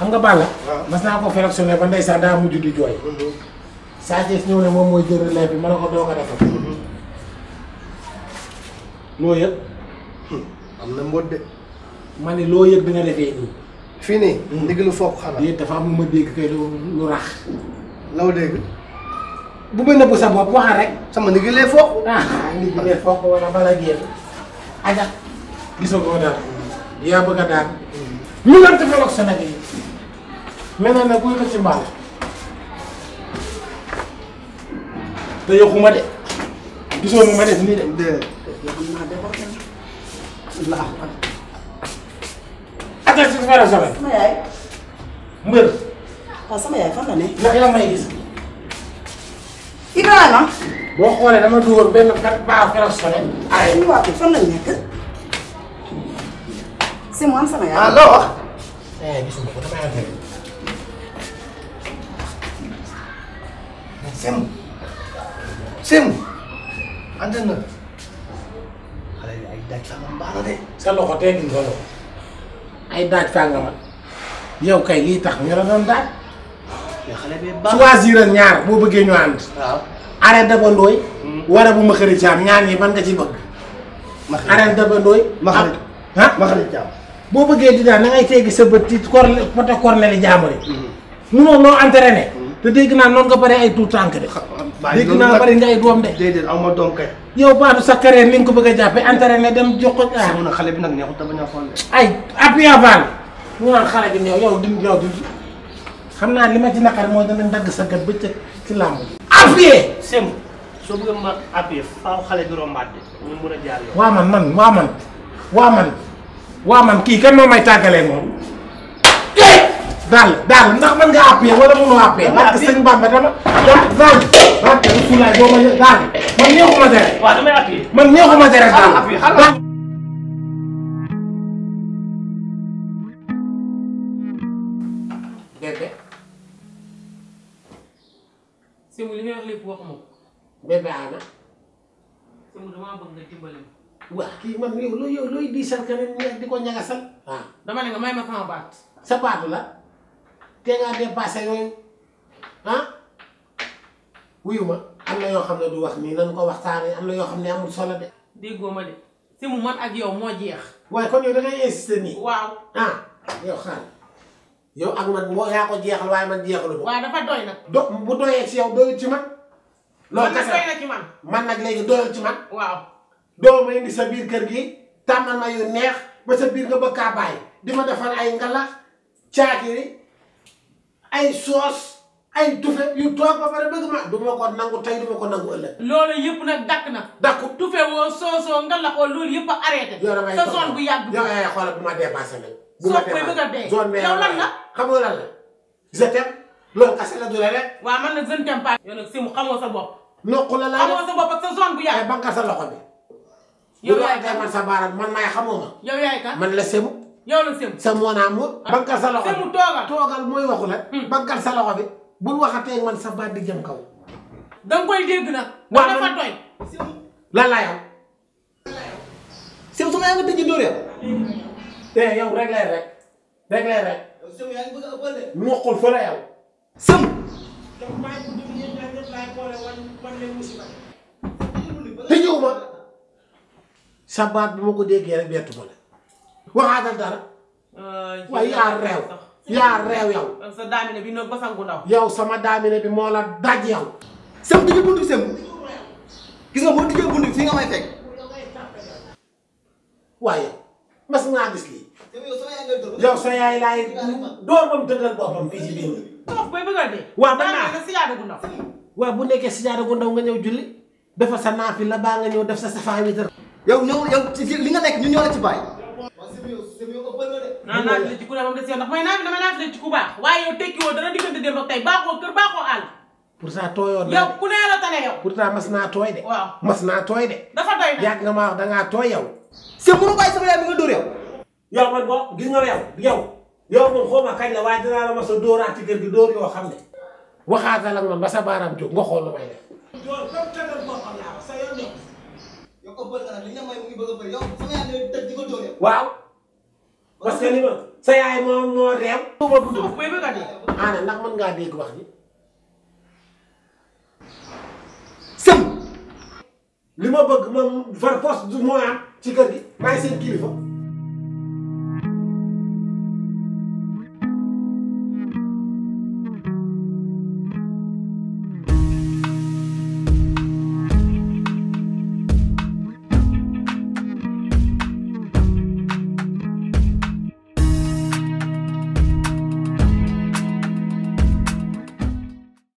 xam nga bala mas naa ko sélectionné ba ndeysaan daa mujj di jooy. Mhm. Sa Thiès ñëw ne moom mooy jël relève bi ma ne ko doo ko defal. Mhm. loo yëg. Hmm. am na mbot de. lo ne loo yëg bi nga defee hmm. lu foog dafa am ma kay lu rax. law bu sama ndigal lee foog. ah ndigal lee wala bala génn. aja gisoo kau dara. Hmm. yaa bëgg a daan. ñu naan te maintenant nag buy xëcc mbaal te yokkuma de gisoo mu ma def nii de de la attaque si fara sama yaay mbër waaw ah, sama yaay fan ne ndax yaa may gis Ibrahima boo xoolee dama dugal benn baa fara sole ay ñu waa fan lañ nekk si sama yaay ah loo wax eh gisuma ko dama yaa Sémou Sémou antenne bi ay daaj sa loxo tey jii nga loxo ay daaj sangam yow kay lii tax ñu la doon daaj. mais xale bi ñaar boo bëggee ñu ànd. waaw arrêt daba ndooy. wara bu ma xëri jaam ñaar ñi man nga ci bëgg. ma xëri arrêt ma xëri ah ma xëri jaam. boo bëggee di daal na ngay sa bët ci cor poto corneli jaamuri. munoo noo entraîné. te dégg naa noonu nga bare ay tuut tànk de. dégg naa bari nga ay doom de. déedéet aw ma doom kay. yow sa carrière ko bëgg a jàppee entraîné dem jox ko. ah xale bi a xool ay appui avant ñu naan xale bi neew yow di yow xam naa li ma ci naqari mooy dana dagg sa gat bëccëg ci làmb bi. appuyé. soo bëggee ma appuyé faaw xale bi rombaat bi ñu a jaar yow. waa man man waa man waa man kii kan moo may tàggalee moom. Eh! dal dal ndax man nga appee wala mënoo appee. nak sëñ Bamba dama dama daal barke Rasulaay boo ma daal man neexuma dere. waaw damay appee man neexuma dere daal. bébé. Sémou li nga wax lépp waxuma ko. bébé ana. Sémou damaa bëgg nga dimbale ma. waa kii man yow looy yow looy diisal keneen di ko ñagasal. waaw dama ne nga may ma sama baat. sa baat la te dépassé yoy ah wuyuma ma am na yoo xam du wax ni nan ko waxtane am na yoo xam amul solo de. déggoo de si mu man ak yow mo jeex. way kon yow da ngay insister ni waw ah yow xal yow ak man mo yaa ko jeexal way man jeexalu ko. wa dafa doy nak do bu doyee ci yow doyul ci man. lo tax man nag ci man. man nak legi doyul ci man. waw do ma indi sa bir keur gi tàmmal ma yu neex ba sa bir nga ba ka bay di defal ay ngalax ciakiri ay soos ay tufe yu toog ba pare bëgg ma du ma ko nangu tey du ma ko nangu ëllëg. loolu yëpp nag dàkk na. dàkku tufe woo soosoo nga la ko loolu yëpp a arrêté. yow damay sa zone bu yàgg. yow ay lan la. xam nga lan la je t'aime loolu kese la du la rek. waaw man nag je t'aime pas. yow nag si xamoo sa bopp. noqu la sa bopp zone bu yàgg. ay eh, banka sa loxo bi. yow yaay kan man sa baaraam man maay xamoo ma. yow yaay man la semu. yoonu semu sa moonaam ah, bankal sa loxo bi toogal mooy waxu la hmm. bankal sa loxo bi bul waxatee man sa baat di jëm kaw danga koy dégg nag te eh, yow rek rek rek rek semu bi ma ko déggee rek bettu ma la waxaatal dara. Euh, waaye yaa réew. yaa réew yow. Euh, sa daamine yow sama daamine bi moo la daj yow. sem tijji buntu sem gis bi si nga may fekk. waaye mas ngaa gis lii. yow sa yaay laay door ba mu dëggal boppam fii ci biir. bu nekkee sijaada gu ndaw nga ñëw julli dafa sa naafi la baa nga ñëw def sa safaa witar yow ñëw yow li nga nekk ñu ñëw la ci bàyyi. naa naaj la ci ku ne moom des yow ndax mooy naaj bi dama naaj la ci ku baax waaye yow tekki woo dara diggante ma ak tey baaxoo kër baaxoo àll. pourtant tooyoon naa yow ku ne la yow. pourtant mas naa tooy de. waaw mas naa tooy de. ma wax da tooy yow. sëñ bi mënu bàyyi sama yaay mi nga gis nga yow xaw ma kañ la waaye dinaa la mas a dóoraat ci kër gi dóor yoo xam ne. waxaatal ak man ba sa baaraam jóg nga xool lu may def. parce que li sa yaay moo moo réew. ana ndax mën ngaa dégg wax ji. sëm. li ma bëgg moom far force du moo am ci kër gi. maay seen kilifa.